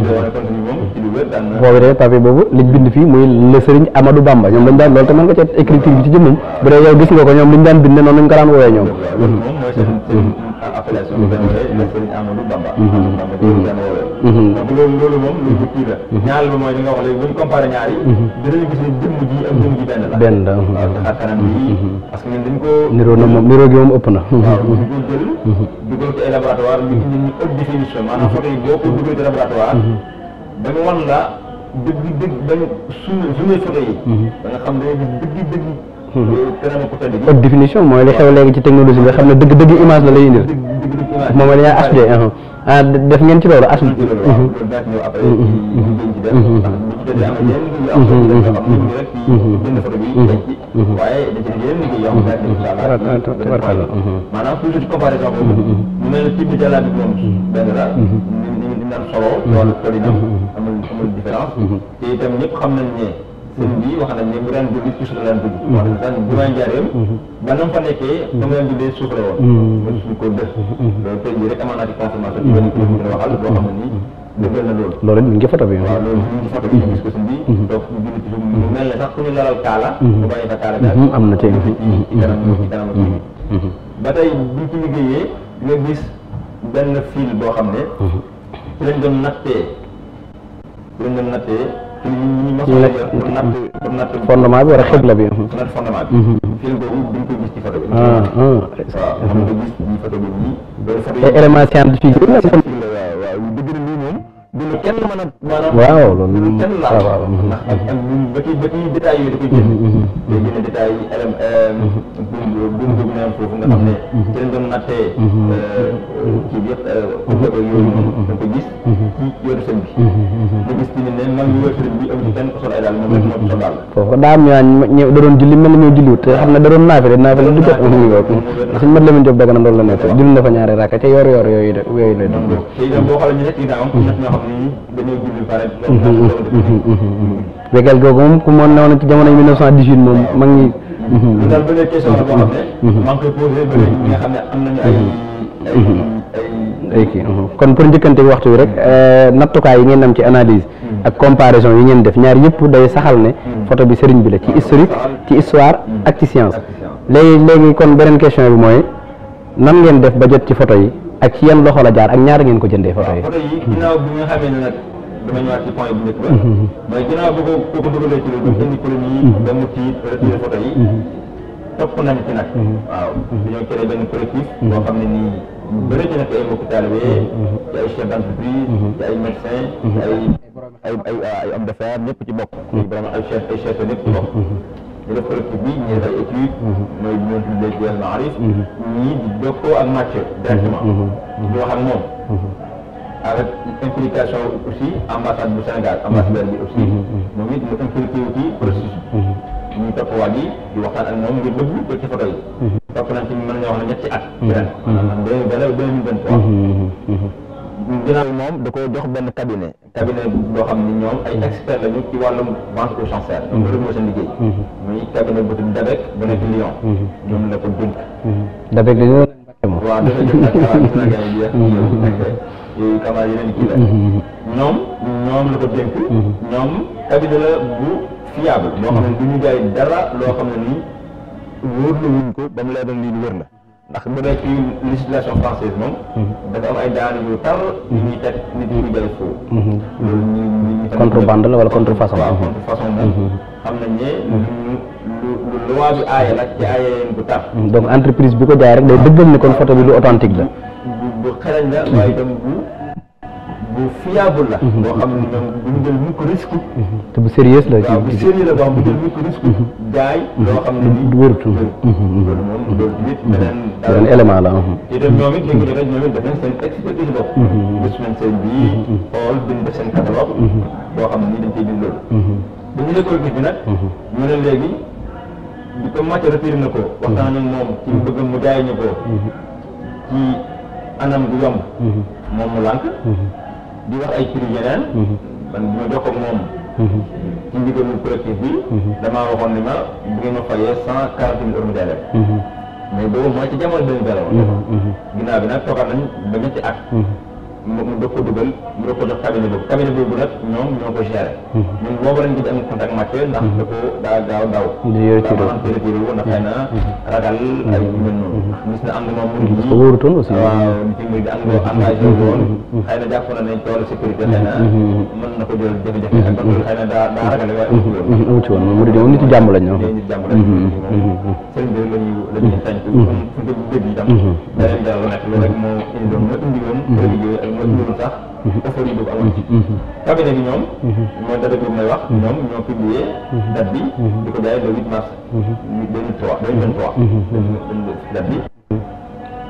day wane continue moom ci lu wér daan na. boobu de
papier boobu liñ bind fii muy le Amadou Bamba ñoom dañ daan loolu tamit nga ca écriture bi ci jëmm bu dee yow gis nga ko ñoom liñ daan bind noonu lañ ko daan woowee ñoom.
appellation bi benn tey mooy mhm.
Serigne Amadou Bamba. Mhm. Bamba di ko kenn woowee. Mhm. donc loolu loolu moom lu ko kii la. ñaareel ba mooy li nga wax léegi bu ñu comparé ñaar yi. dinañu gis ne jëmm ji ak jëmm ji benn la. benn la waaw te xar kanam bi parce que ñun dañ ko niroo na moom niroo gi moom ëpp na. waaw ñu ko jël dugal ko ay laboratoire ñu indi ñu haute définition maanaam photo yi boo ko dugal ci laboratoire. ba ñu wan la dëgg dëgg ba ñu suñu suñu photo yi. da nga xam ne dëgg dëgg. haute
définition mooy li xew léegi ci technologie nga xam ne dëgg dëgg image la lay indil moom la ñuy HD ah def ngeen ci loolu asma
maanaam toujours ci
comparaison boobu mu mel ne type bi jàllaat bi moom benn daal ni mu daan sëñ bi wax na mu mhm. fa nekkee. dama daan jullee suuf la woon. ba mhm. suñ ko def. Mhm. loolu tey jii rek amoon naa ci confirmation. ci benn kii bi waxal boo loolu. loolu ngi foto bi. mel ne sax ku ñu lalal kaala. am na tey ba tey buñ ci liggéeyee nga gis benn fil boo xam ne. ci nattee ci nattee fondement bi wala xibla bi. fondement bi. Mhm. film boobu ko gis ci photo bi. ah ah. waaw xam du lu kenn mën a maanaam. waaw loolu lu kenn ndax ak ba ci ba ci détails yooyu da koy jënd. Mm-hmm, mm-hmm. mm-hmm. ne. ci lañ doon nattee. Euh, kii bi yëpp euh, kooku ak yooyu da ko gis. ci ko sol ay daal moom rek moo
ko am ñëw da doon julli mel ni te xam ne da doon naafile du jot. mu ngi bokk ndax suñu mën la mën jóg daga na loolu la nekk julli na fa ñaari rakka ca yor yor yooyu de yooyu lay doon. wegal googu moom ku ma newoon ci jamono yi mag ne. maa ngi koy posé ba
léegi ñi nga xam
kii kon pour njëkkante waxtu bi rek euh, nattukaay yi ngeen am ci analyse. ak comparaison yi ngeen def ñaar yëpp day saxal ne. photo bi sëriñ bi la ci historique ci histoire ak ci science. léegi léegi kon beneen question bi mooy nan ngeen def ba jot ci photo yi. ak ci yan loxo la jaar ak ñaar ngeen ko jëndee photo yi. waaw photo
yi ginnaaw bi nga xamee ne nag dama ñëwaat ci point bu njëkk ba. Mhm. mooy ginnaaw bu ko bu ko dugalee ci loolu. Mhm. jënd colonie yi mhm. ba mu ci retiré photo yi. topp nañ ci nag. waaw dañoo créé benn collectif. boo xam ne nii bëri na ci ay mbokk taalibe ci ay chef d'entreprise. ci ay médecin ay ay ay ay hommes d'affaires ñëpp ci bokk. ay borom ay chef ay chef ñëpp ci bokk. récolte bi ñii ay études. Mm-hmm. mooy ñoo tuddee jël maarif. ñii di jokkoo ak Mathieu. directement. Mm-hmm. Mm-hmm. di wax ak moom. avec implication aussi ambassade bu Sénégal. ambassadeur bi aussi. moom it mu impliqué wu ci processus bi. ñu topp waa ji di waxtaan ak moom ngir déglu ko ci photo yi. topp nañ ci mën nañoo wax ne ñetti at. ren maanaam deux mille vingt deux mille vingt trois. Binal moom da koo jox benn cabinet cabinet boo xam ni ñoom ay expert lañu ci wàllum banque de chancel loolu moo seen liggéey mhm. muy cabinet bu tudd Dabek bu nekk Lyon mhm. ñoom la ko dénk Dabek a jeex yooyu kamaar yeneen kii la mhm. ñoom ñoom la ko dénk ñoom cabinet la bu fiable boo xam ne du ñu jaay dara loo xam ne nii wóor la wuñ ko ba mu lay doon lii wër la ndax bu dee ci législation française moom. Mhm. dafa am ay yu tar. yu
mhm. contrebande la wala contrefaçon. waaw contrefaçon la. Mhm.
xam nañ ne. lu lu lu loi bi aaye nag ci aaye leen bu tar.
donc entreprise bi ko jaay rek day dëggal ni kon photo bi lu authentique la.
bu bu la waaye itam bu. bu fiable la. Mhm. boo xam ne ñoom bu ñu jël mukk risque. Mhm. te bu sérieux la ci bu sérieux la boo xam ne bu mhm. jël mukk risque. jaay loo xam ne
du wërtu. loolu boo xam ne nii dañ ciy bind loolu.
bu ñu na ko. waxtaan ak moom ci bëgg mu jaay ñu ko. ci anam gu yomb. moom mu lànk. di wax ay prix yeneen. Mhm. man bi ma jokkoo ak moom. Mhm. ci ndigalu collectif bi. Mhm. damaa waxoon ni ma bu ngeen ma fayee cent quarante mille euros délai. mais boobu mooy ci jamono bi ñu dara woon. ginnaaw bi nag toogaat nañ ba ñetti at. mu mu doog ko dugal mu doog ko jox cabinet boobu cabinet boobu nag ñoom ñoo ko géré. Hmm. ñun boobu lañ gis hmm. da ko daa gaaw daw. yooyu ci doon waaw ndax xëy na hmm. ragal ay yu mel noonu. gis na am na moom mu ngi. wóorutoon aussi waaw
mooy loolu sax dafa yi boobu amoon ci mmh. Mmh.
cabinet bi ñoom mmh. mooy date boobu may wax ñoom ñoo publié date bi di ko jaay le 8 mars 2023 2023 date bi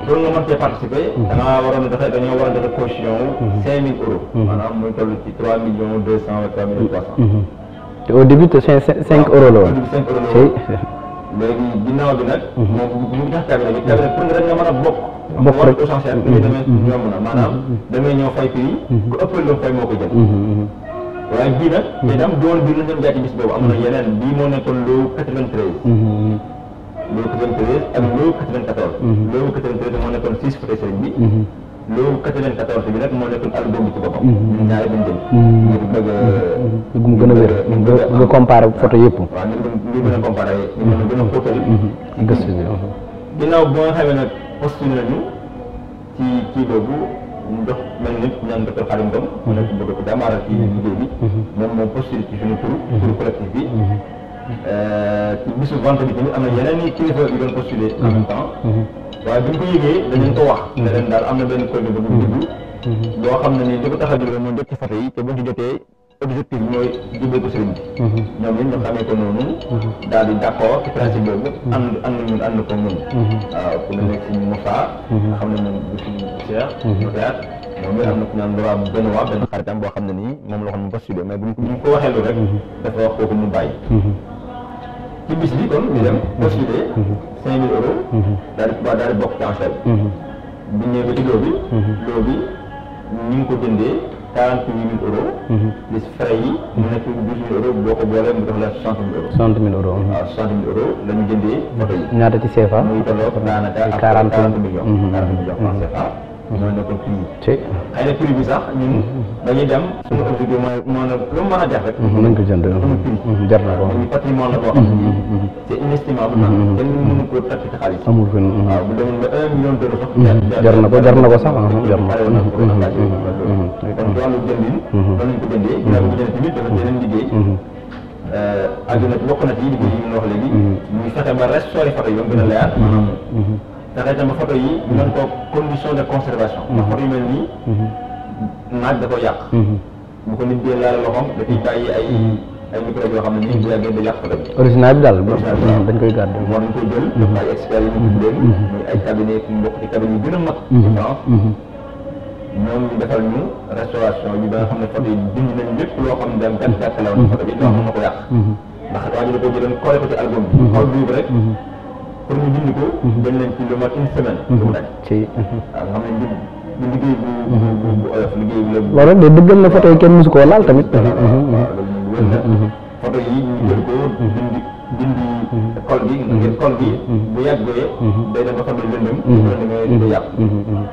loolu nga mën cee participé da ngaa waroon a defee dañoo war a defee caution cinq mille euros maanaam muy toll ci trois millions deux cent trois mille trois cent léegi ginnaaw bi nag. moom ñu ngi tax cabinet bi cabinet pour nga rek nga mën a bokk. bokk rek essentiel prix mhm. demee yomb na mhm. maanaam mhm. damay ñëw fay prix ku ëppal lu fay moo ko jël waaye bii nag te dam doon bii lañ doon jaay ci bis boobu am na yeneen bii moo nekkoon lu 93 lu 93 ak lu 94 lu 93 moo nekkoon 6 côté sëriñ bi loolu 94 bi nag moo nekkoon album bi ci boppam. ñun mm-hmm. ñaari buñ jël.
ngir a. mu gën a wér nga nga comparé yëpp. waaw ngi
gën a comparé ñu ngi gën a photo yi. Mm-hmm. Mm-hmm. gëstu bi uh-huh. ginnaaw boo nga xamee nag postulé nañu ci kii boobu ndox mel nit ñaan docteur Xarim Ngom. mu nekk bëgg ko jàmbaara ci liggéey bi. moom moo postulé ci suñu tur. bi. ci bisu vendredi bi am na yeneen i kilifa yu doon postulé en même temps mhm. Mhm. waaye bi ñu ko yëgee danañ ko wax mhm. ne leen daal am na benn projet bu ñu dugg loo xam ne ni li ko tax a jóg mooy jot ci fate yi ñu xamee ko noonu daal di d' accord ci principe boobu ànd ànd ñun ànd ko ñun waaw ku ne nekk suñu Moussa nga xam ne moom du suñu Cheikh am na ku naan Laurent Benoît benn xaritam boo xam ne nii moom la waxoon mu postulé mais bu ñu ko waxee loolu rek dafa wax mu bàyyi ci bis bi kon ñu dem postulé cinq mille euros daal di daal di bokk ci bi ñëwee bi loo bi ko jëndee quarante huit mille mu nekk douze mille euros boo ko boolee mu def la soixante la ñu jëndee oto yi
ñaata ci CFA muy tolloog daanaka quarante ñoo nekkoon prix xëy
na prix bi sax ñun dañuy mm-hmm. dem suñu ëpp bi mooy moo ne lu mu mën a def rek mm-hmm. nañ ko jënd suñu
mm-hmm. prix jar na ko ñu patrimoine la boo xam ne
c'est inestimable na kenn mënu ko takk ci xaalis amul fenn waaw bu demoon ba un million d'euros sax jar na ko jar na ko sax ah, jar na ko kon wàllu jëndin loolu
lañ ko jëndee ginnaaw ko jënd tamit dafa yeneen liggéey
euh, àdduna bokk na ci liggéey yi ñu wax léegi muy fexe ba restauré photo yi ba mu gën a leer dafay dama photo yi ñu doon ko condition de conservation mhm. ndax photo yu mel nii mhm. naaj da ko yàq mhm. bu ko nit dee laal loxoom dafay bàyyi ay ay microbe yoo xam ne nit bu yàggee di yàq photo bi original bi daal dañ koy garder moo dañ koy jël yi ñu tuddee muy ay cabinet yi mbokk ci cabinet yu gën a mag ci France ñoom ñu defal ñu restauration bi ba nga xam ne photo yi dindi nañ lépp loo xam ne la woon photo bi ndax ko ji da ko jëloon collé ko ci pour ñu bind ko. Mhm. dañ leen ci lu mat une semaine. lu mhm. mu nekk ci waaw mhm. ah, xam ne la. loolu de dëggal
na photo yi kenn mosu koo laal
dindi mm-hmm. col bi ngir mm-hmm. col bi mm-hmm. bu yàggee day dem ba xam ne lëndëm lëndëm ngay di yàqu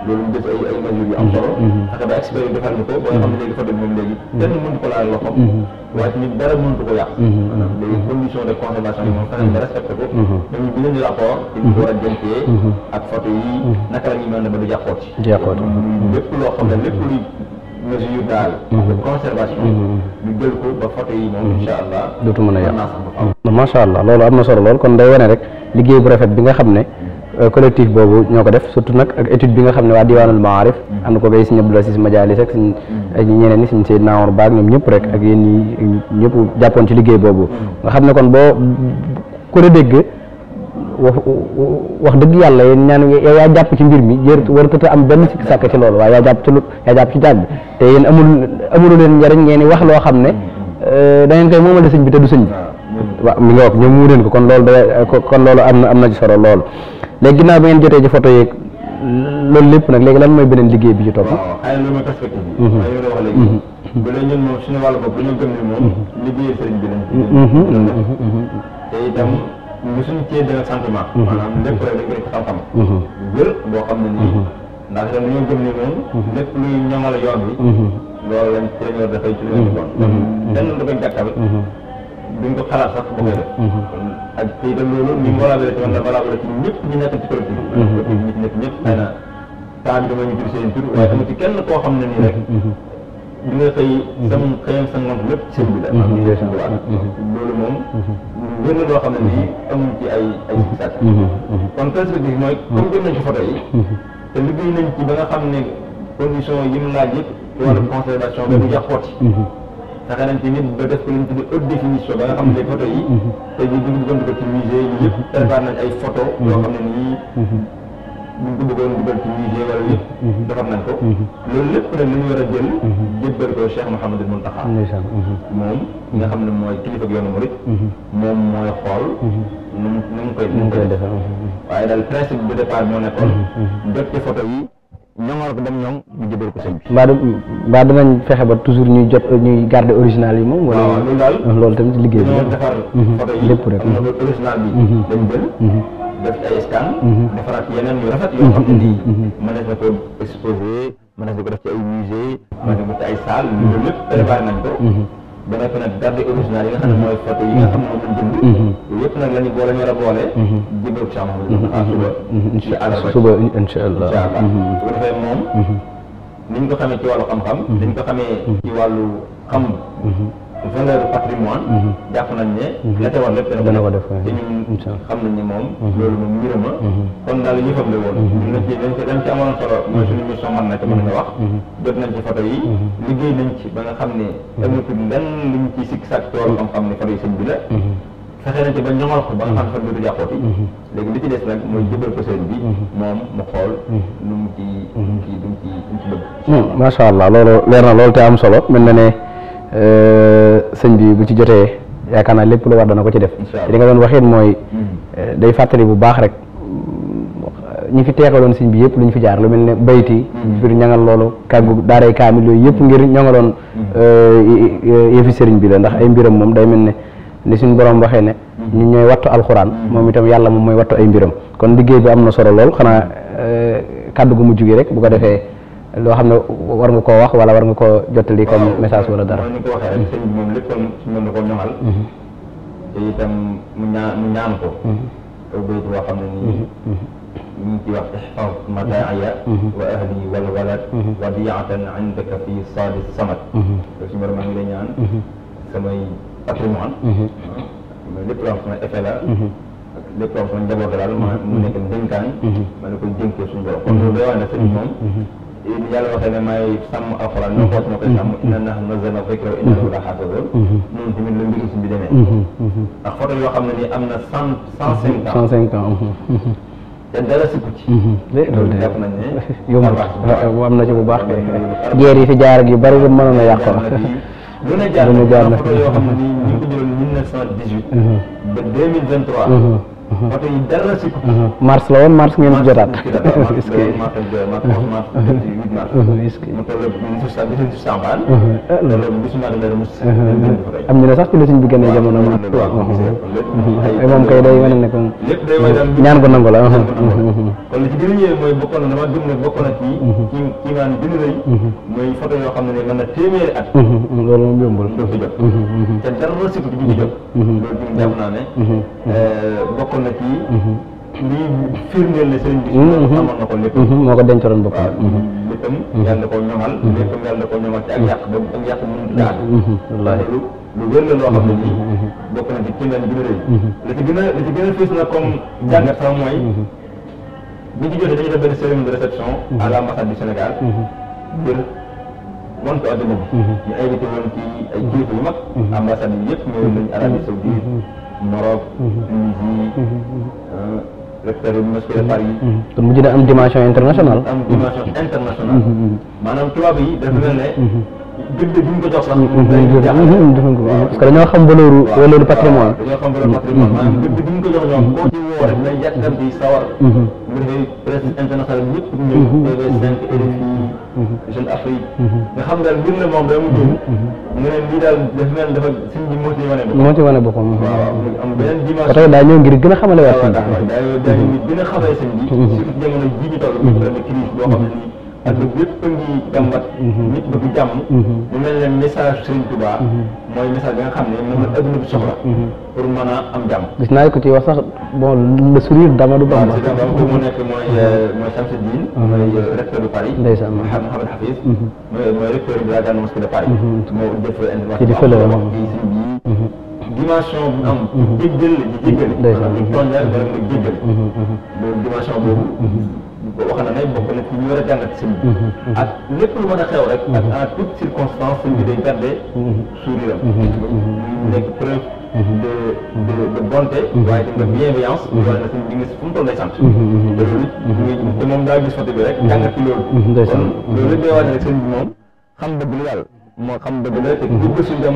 loolu ñu def ay ay mesures yu am solo xata ba expert yi defal ñu ko ba nga xam ne léegi fa dem moom léegi kenn mënu ko laal loxo waaye tamit dara mënut ko yàq maanaam léegi condition de conservation yi moom fexe nga respecté ko dañu bi leen di rapport dañu ko war a jëntee ak photo yi naka la ñuy mën a ba du yàqoot ci lépp loo xam ne lépp luy mesure daal de mhm. conservation mhm. ñu jël ko ba photo yi moom mhm. incha allah a yàq
macha allah loolu am na solo lool kon day wane rek liggéey bu rafet bi nga xam ne euh, collectif boobu ñoo ko def surtout nag ak étude bi nga xam ne waa diwaanul maarif ànd ko bay si ñëpp la si majaalis ak suñ ñeneen ñi suñ seen naawar ñoom ñëpp rek ak yéen ñi ñëpp jàppoon ci liggéey boobu nga xam ne kon boo ko dégg wax wax dëgg yàlla yéen ñaan yow yaa jàpp ci mbir mi jër hmm. warutata am benn sikk sàkk ci loolu waaye yaa jàpp ci lu yaa jàpp ci jaag bi te yéen amul amulu leen njariñ ngeen wax loo xam ne euh, da ngeen koy moomale sëñ bi te du sëñ bi ah, waaw mi nga wax ñoom mu leen ko kon loolu da kon loolu am na am na ci solo loolu léegi ginnaaw bi ngeen jotee ci photo yeeg loolu lépp nag léegi lan mooy beneen liggéey bi ci topp
ah, mosuñu cee benn sentiment. maanaam lépp rek dañ koy def xam-xam. wér boo xam ne nii. ndax dañ ñoo gëm ne moom. lépp luy ñoŋal yoon bi. loolu lañ cee ñëw dafay ci
loolu
moom. wér na loo xam ne nii amul ci ay ay situation mm-hmm, mm-hmm. kon perspective mooy mm-hmm. comme jëm nañ ci photo yi te liggéey nañ ci ba nga xam ne condition yi mu laaj yëpp ci wàllu conservation ba mu yàqooti fexe nañ ci nit ba def ko li ñu tuddee haute définition ba nga xam ne photo yi te ñu dugg gën ko ci musée yi yëpp ay photo yoo xam ne nii buñ ko bëggoon dugal ci musée wala lépp mhm. mhm. defar nañ ko mhm. loolu lépp nag li ñu war a jël jébbal ko Cheikh Mouhamadou Mountakha
moom
mi nga xam ne mooy kilifa yoonu murit moom mooy xool nu mu nu mu koy nu mu koy defar waaye daal principe de départ moo nekkoon jot ci photo yi ñoŋoor ko dem ñoom ñu jëbal ko sëñ bi
mbaa du mbaa danañ fexe ba toujours ñuy jot ñuy garder original yi moom wala loolu daal loolu tamit liggéey bi defar photo yi lépp rek
original bi dañ jël def ay scan mhm. defaraat yeneen yu rafet yoo mhm. xam ne nii mhm. mënees na ko exposé mënees na ko def ci ay musée mënees na ko ci ay salle loolu lépp préparé nañ ko ba nekk nag garde original yi nga xam ne mooy photo yi nga xam ne moom lañ jënd yëpp nag la ñu boole ñu war a boole jibab càmm
ci àll suba incha allah incha allah su ko
defee moom niñ ko xamee ci wàllu xam-xam dañ ko xamee ci wàllu xam valeur patrimoine mhm. jàpp nañ ne mhm. la ca war lépp dana ko def te ñun xam nañ ne moom mhm. loolu moom mbirama kon daal ñu fab la woon ñun ci dañ ci dañ ci amoon solo mooy suñu mission mën na ca mën nga wax jot nañ ci photo yi liggéey nañ ci ba nga xam ne amatul benn luñ ci sikk sàkk ci wàllu xam-xam ne photo yi sëñ bi la fexe nañ ci ba ñoŋal ko ba nga xam ne fan dootu jàppooti léegi li ci des nag mooy jëbal ko sëñ bi moom mu xool lu mu ci lu mu ci lu mu ci lu mu
ci bëgg hmm, macha allah loolu leer na loolu te am solo mel na ne Euh, sëñ bi bu ci jotee yaakaar naa lépp lu war dana ko ci def li nga doon waxee mooy mm-hmm. euh, day fàttali bu baax rek ñi fi teexaloon sëñ bi yëpp lu ñu fi jaar lu mel ne bayti mm-hmm. biir ñangal loolu kàggu daaray kaamil yooyu yëpp ngir ñangaloon mm-hmm. euh, yëfi sëriñ bi la ndax ay mbiram moom day mel ne ni suñ borom waxee ne ñu ñooy wattu alxuraan moom itam yàlla moom mooy wattu ay mbiram kon liggéey bi am na solo lool xanaa kàddu gu mujj gi rek bu ko defee loo xam ne war nga koo wax wala war nga koo jottali comme message wala dara.
waaw ko waxee rek sëñ bi moom lépp si moom la ko ñoŋal. Mhm. te itam mu ñaan mu ñaan ko. Mhm. aw bayt boo xam ne nii. Mhm. ñu ngi ci wax ihfaz mataaya wa ahli wal walad wadiatan indaka fi saadi samad. loolu si mbir maa ngi lay ñaan. samay patrimoine. mais lépp loo xam ne effet la. lépp loo xam ne njaboot la daal mu nekk ndénkaan. ma ne ko dénkee suñu borom. kon loolu day wax ne sëñ moom. yéen yàlla waxee ne may sàmm alxuraan ñoo xoos na koy sàmm mm-hmm. inna nahnu nazzalna zikra wa inna lahu lahafizun mm-hmm. noonu tamit la mbiri suñ bi demee mm-hmm. ndax photo yoo xam ne nii am na cent cent cinq ans cent cinq ans te dara sukk ci loolu jàpp nañ ne yomb am na ci bu baax jeer yi fi jaar ak yu bari yu mënoon a yàq la lu ne jaar na photo yoo xam ne nii ñu ko jëloon mille neuf cent dix-huit ba deux mille vingt-trois oto yi ah, dara si ko
mars la mars ngeen jotaat
a a na ci mhm. lii firndeel ne sëriñ bi mhm. amoon na ko lépp mhm. moo ko
dencaloon boppam léppam yàlla na ko ñoŋal léppam
yàlla na ko ñoŋal ci ak yàq ba ak yàq mënut daal wallaahi lu wér la loo xam ne nii bokk na ci kéemaan bi gën a rëy la ci gën a la ci gën a fës na comme jàngat sama mooy bi ci jotee dañuy def benn cérémonie de réception à l'ambassade du Sénégal ngir moom ko adduna bi ñu invité woon ci ay kilifa yu mag ambassade yi yëpp ñëwoon nañu Arabie Saoudite Maroc. Mhm. Tunisie. Mhm. Mhm. Euh, République Mosquée Paris. kon mujj na am dimension internationale. am dimension internationale. maanaam tubaab yi dafa mel ne. gëdd bi ñu ko jox sax. Mhm. Mhm. Mhm.
parce que dañoo xam valeur valeur patrimoine. dañoo xam valeur patrimoine maanaam
gëdd bi ñu ko jox ñoom koo ci woo rek lay yàggal di sawar. bu defee presse internationale bi ñëpp ñëw. TV5 RFI Jeune Afrique. nga xam daal mbir na moom da mu jëm. nga ne lii daal daf mel dafa suñ bi moo ci wane boppam. moo ci wane boppam. waaw am beneen dimension. parce que daa ñëw ngir
gën a xamale waat. waaw daa ñëw ngir
gën a xamale sëñ bi. surtout jamono ji ñu toll. mu gën a crise boo xam ne parce que ñëpp a ngi jàmbat. Mhm. nit bëgg jàmm. Mhm. mu mel ne message Serigne Touba. Mhm. mooy message bi nga xam ne moom la ëpp na soxla. pour mën a am jàmm.
gis naa ko ci wax sax bon le sourire d'Amadou Bamba. waaw mu
nekk mooy euh, mooy Samsidine. mooy euh, recteur de Paris. ndeysaan Mouhamed Hafiz. mooy mooy recteur de la grande mosquée de Paris. moo def intervention dimension bu am. jéggal jéggal. ndeysaan mu tooñ la wala mu jéggal. boobu dimension boobu. wax na ne bokk na ci ñu war a jàngat sëñ bi mhm, mhm. ak lépp lu mën a xew rek mhm. ak en toute circonstance sëñ bi day garder sourire am nekk de de de bonté waaye tam de bienveillance waaye na sëñ bi ngi moom daa gis foto bi rek jàngat ci loolu kon loolu lépp day waaj rek sëñ bi moom xam dëgg la yàlla moo xam dëgg la te bu gës suñu dem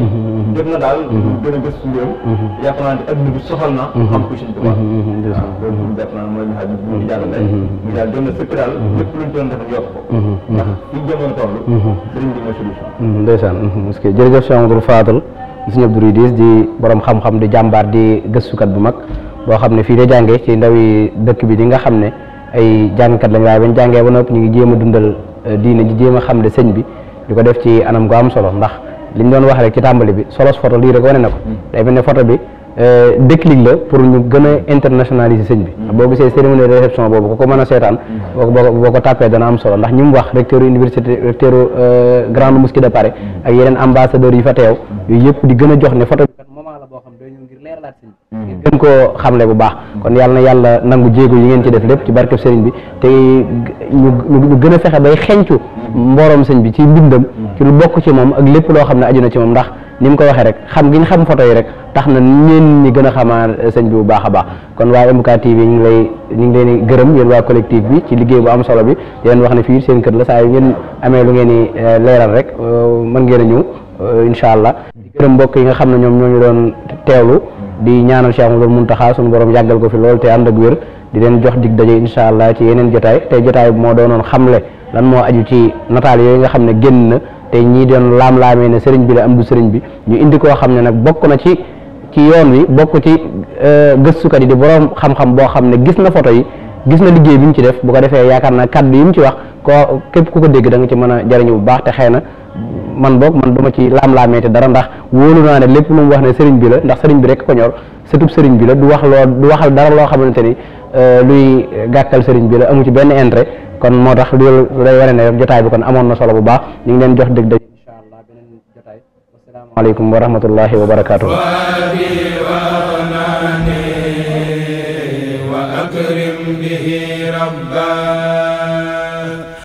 jot na mm-hmm. a gës suñu réew yaakaar naa
parce que jërëjëf Cheikh Amadou Fadal Sëriñ Abdou di boroom xam-xam di jàmbaar di gëstukat bu mag boo xam ne fii la jàngee ci ndawi dëkk bi di nga xam ne ay jàngkat lañ waaye bañ jàngee ba noppi ñu ngi jéem a dundal euh, diine ji jéem a xam ne sëñ bi di ko def ci anam gu am solo ndax liñ doon wax rek ci tàmbali bi solos photo lii rek wane na ko day mel ne photo bi euh, déclic la pour ñu gën a internationaliser sëñ bi mm-hmm. boo gisee cérémonie de réception boobu ko ko mën a seetaan mm-hmm. boo ko tàppee dana am solo ndax ñi wax recteur université recteur euh, grande mosquée de Paris mm-hmm. ak yeneen ambassadeurs yi fa teew yooyu yëpp di gën a jox ne photo bi ngir gën koo xamle bu baax kon yàlla yàlla nangu jéego yi ngeen ci def lépp ci a fexe mboroom sëñ bi ci mbindam mm. ci lu bokk ci moom ak lépp loo xam ne aju na ci moom ndax ni mu ko waxee rek xam gi xam photo yi rek tax na ñeen ñi gën a xamaa eh, sëñ bu baax a baax kon waa MK TV ñu ngi lay ñu ngi leen di gërëm yéen waa bi ci liggéey bu am solo bi di wax ne fii seen kër la saa yu ngeen amee lu ngeen di eh, leeral rek eh, mën ngeen a ñëw incha allah di gërëm mbokk yi nga xam ne ñoom ñoo ñu doon teewlu mm. di ñaanal Cheikh Mouhamadou taxaa suñu borom yàggal ko fi lool te ànd ak wér di leen jox dig daje incha allah ci yeneen jotaay tey jotaay bi moo doonoon xamle lan moo aju ci nataal yooyu nga xam ne génn na te ñii doon laam-laamee ne sëriñ bi la am du sëriñ bi ñu indi koo xam ne nag bokk na ci ci yoon wi bokk ci euh, gëstukat yi di borom xam boo xam ne gis na photo yi gis na liggéey bi mu ci def bu ko defee yaakaar naa kàddu yi mu ci wax koo képp ku ko dégg da ci mën a jariñu bu baax te xëy na man boog man duma ci laam-laamee dara ndax wóolu naa ne lépp lu mu wax ne sëriñ bi la ndax sëriñ bi rek ko ñor sëtub sëriñ bi la du wax loo du waxal dara loo xamante ni Euh, luy gàkkal sëriñ bi la amu ci benn intérêt kon moo tax loolu lay wane ne rek jotaay bi kon amoon na solo bu baax ñu ngi leen jox dëgg dëgg incha allah beneen jotaay asalaamaaleykum wa rahmatullahi wa barakaatu
wa akrim bihi rabba